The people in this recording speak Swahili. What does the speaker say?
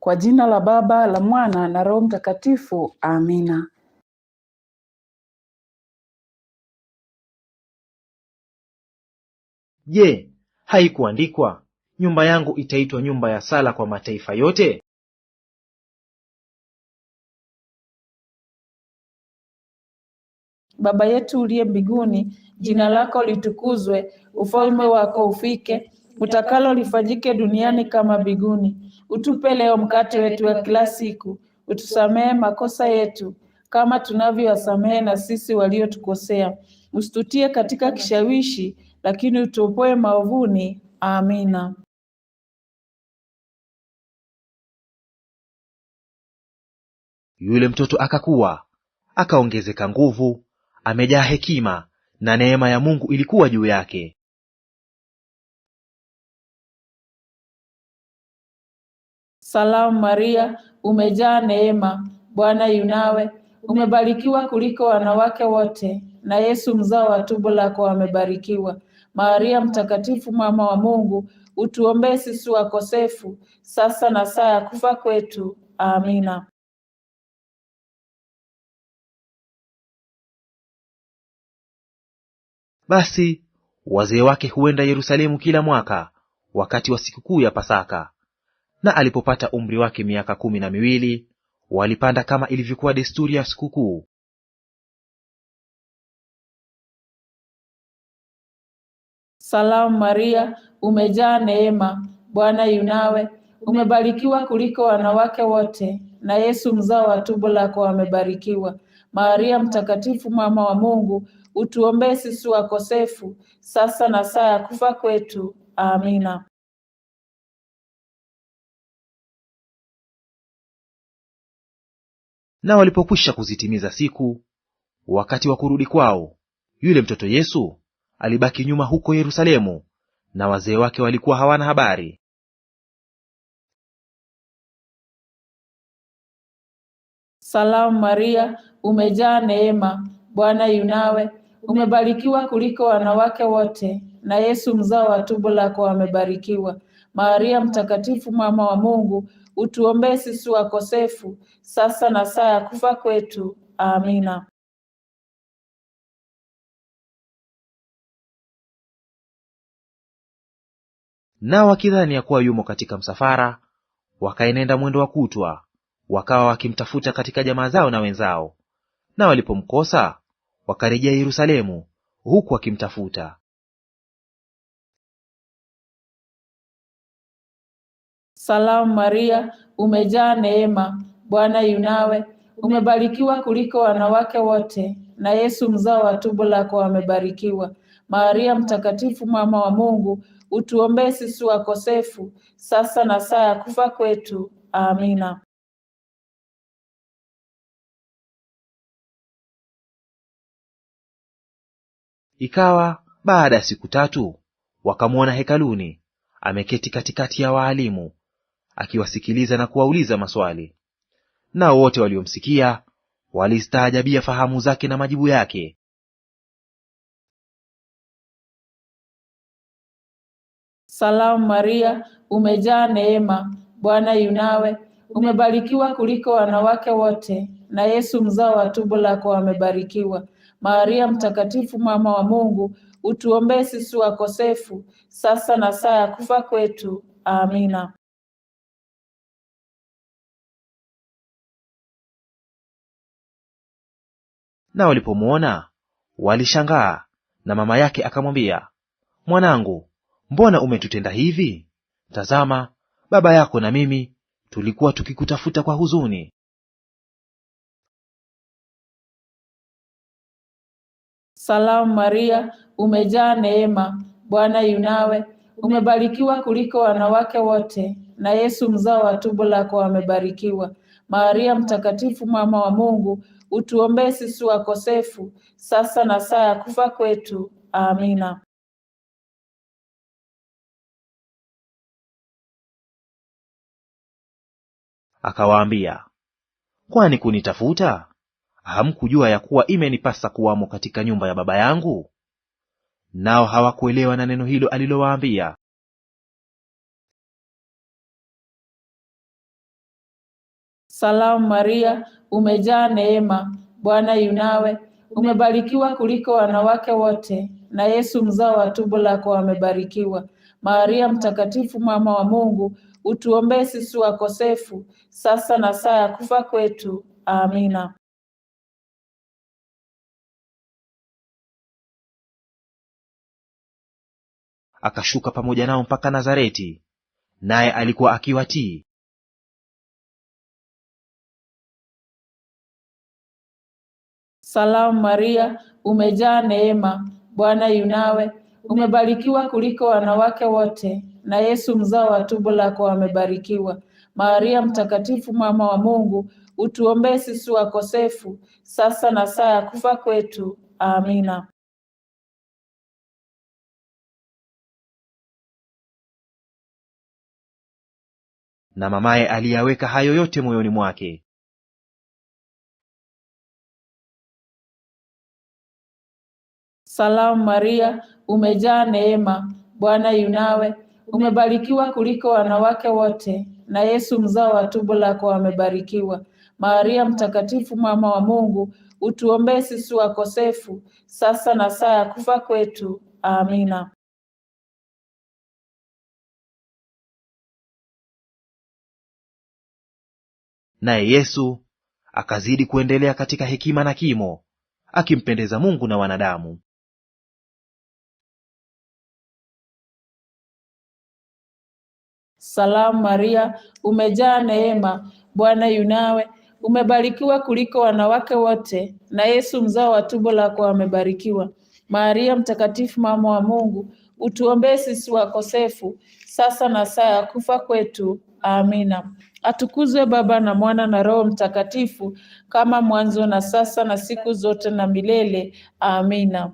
Kwa jina la Baba, la Mwana na Roho Mtakatifu. Amina. Je, haikuandikwa nyumba yangu itaitwa nyumba ya sala kwa mataifa yote? Baba yetu uliye mbinguni, jina lako litukuzwe, ufalme wako ufike, utakalo lifanyike duniani kama mbinguni Utupe leo mkate wetu wa kila siku, utusamehe makosa yetu kama tunavyowasamehe na sisi waliotukosea, usitutie katika kishawishi, lakini utuopoe maovuni. Amina. Yule mtoto akakuwa akaongezeka nguvu, amejaa hekima, na neema ya Mungu ilikuwa juu yake. Salamu Maria, umejaa neema, Bwana yunawe, umebarikiwa kuliko wanawake wote, na Yesu mzao wa tumbo lako amebarikiwa. Maria Mtakatifu, mama wa Mungu, utuombee sisi wakosefu, sasa na saa ya kufa kwetu. Amina. Basi wazee wake huenda Yerusalemu kila mwaka wakati wa sikukuu ya Pasaka. Na alipopata umri wake miaka kumi na miwili, walipanda kama ilivyokuwa desturi ya sikukuu. Salamu Maria, umejaa neema, Bwana yunawe, umebarikiwa kuliko wanawake wote, na Yesu mzao wa tumbo lako amebarikiwa. Maria Mtakatifu, mama wa Mungu, utuombee sisi wakosefu, sasa na saa ya kufa kwetu. Amina. Na walipokwisha kuzitimiza siku, wakati wa kurudi kwao, yule mtoto Yesu alibaki nyuma huko Yerusalemu, na wazee wake walikuwa hawana habari. Salamu Maria, umejaa neema, Bwana yu nawe, umebarikiwa kuliko wanawake wote, na Yesu mzao wa tumbo lako amebarikiwa. Maria Mtakatifu, mama wa Mungu, utuombee sisi wakosefu, sasa na saa ya kufa kwetu. Amina. Nao wakidhani ya kuwa yumo katika msafara, wakaenenda mwendo wa kutwa, wakawa wakimtafuta katika jamaa zao na wenzao. Na walipomkosa wakarejea Yerusalemu, huku wakimtafuta. Salamu Maria, umejaa neema, Bwana yunawe, umebarikiwa kuliko wanawake wote, na Yesu mzao wa tumbo lako amebarikiwa. Maria Mtakatifu, mama wa Mungu, utuombee sisi wakosefu, sasa na saa ya kufa kwetu. Amina. Ikawa baada ya siku tatu, wakamwona hekaluni ameketi katikati ya waalimu akiwasikiliza na kuwauliza maswali. Nao wote waliomsikia walistaajabia fahamu zake na majibu yake. Salamu Maria, umejaa neema, Bwana yunawe, umebarikiwa kuliko wanawake wote, na Yesu mzao wa tumbo lako amebarikiwa. Maria mtakatifu, mama wa Mungu, utuombee sisi wakosefu, sasa na saa ya kufa kwetu. Amina. na walipomwona walishangaa, na mama yake akamwambia, mwanangu, mbona umetutenda hivi? Tazama, baba yako na mimi tulikuwa tukikutafuta kwa huzuni. Salamu Maria, umejaa neema, Bwana yu nawe, umebarikiwa kuliko wanawake wote, na Yesu mzao wa tumbo lako amebarikiwa. Maria mtakatifu, mama wa Mungu, utuombee sisi wakosefu sasa na saa ya kufa kwetu. Amina. Akawaambia, kwani kunitafuta? Hamkujua ya kuwa imenipasa kuwamo katika nyumba ya Baba yangu? Nao hawakuelewa na neno hilo alilowaambia, Salamu Maria, umejaa neema, Bwana yunawe, umebarikiwa kuliko wanawake wote, na Yesu mzao wa tumbo lako amebarikiwa. Maria Mtakatifu, mama wa Mungu, utuombee sisi wakosefu, sasa na saa ya kufa kwetu. Amina. Akashuka pamoja nao mpaka Nazareti, naye alikuwa akiwatii Salamu Maria, umejaa neema, Bwana yunawe, umebarikiwa kuliko wanawake wote, na Yesu mzao wa tumbo lako amebarikiwa. Maria Mtakatifu, mama wa Mungu, utuombee sisi wakosefu, sasa na saa ya kufa kwetu. Amina. Na mamaye aliyaweka hayo yote moyoni mwake. Salamu Maria, umejaa neema, Bwana yunawe, umebarikiwa kuliko wanawake wote, na Yesu mzao wa tumbo lako amebarikiwa. Maria Mtakatifu, mama wa Mungu, utuombee sisi wakosefu, sasa na saa ya kufa kwetu. Amina. Naye Yesu akazidi kuendelea katika hekima na kimo, akimpendeza Mungu na wanadamu. Salamu Maria, umejaa neema, Bwana yunawe, umebarikiwa kuliko wanawake wote, na Yesu mzao wa tumbo lako amebarikiwa. Maria Mtakatifu, mama wa Mungu, utuombee sisi wakosefu, sasa na saa ya kufa kwetu. Amina. Atukuzwe Baba na Mwana na Roho Mtakatifu, kama mwanzo na sasa na siku zote na milele. Amina.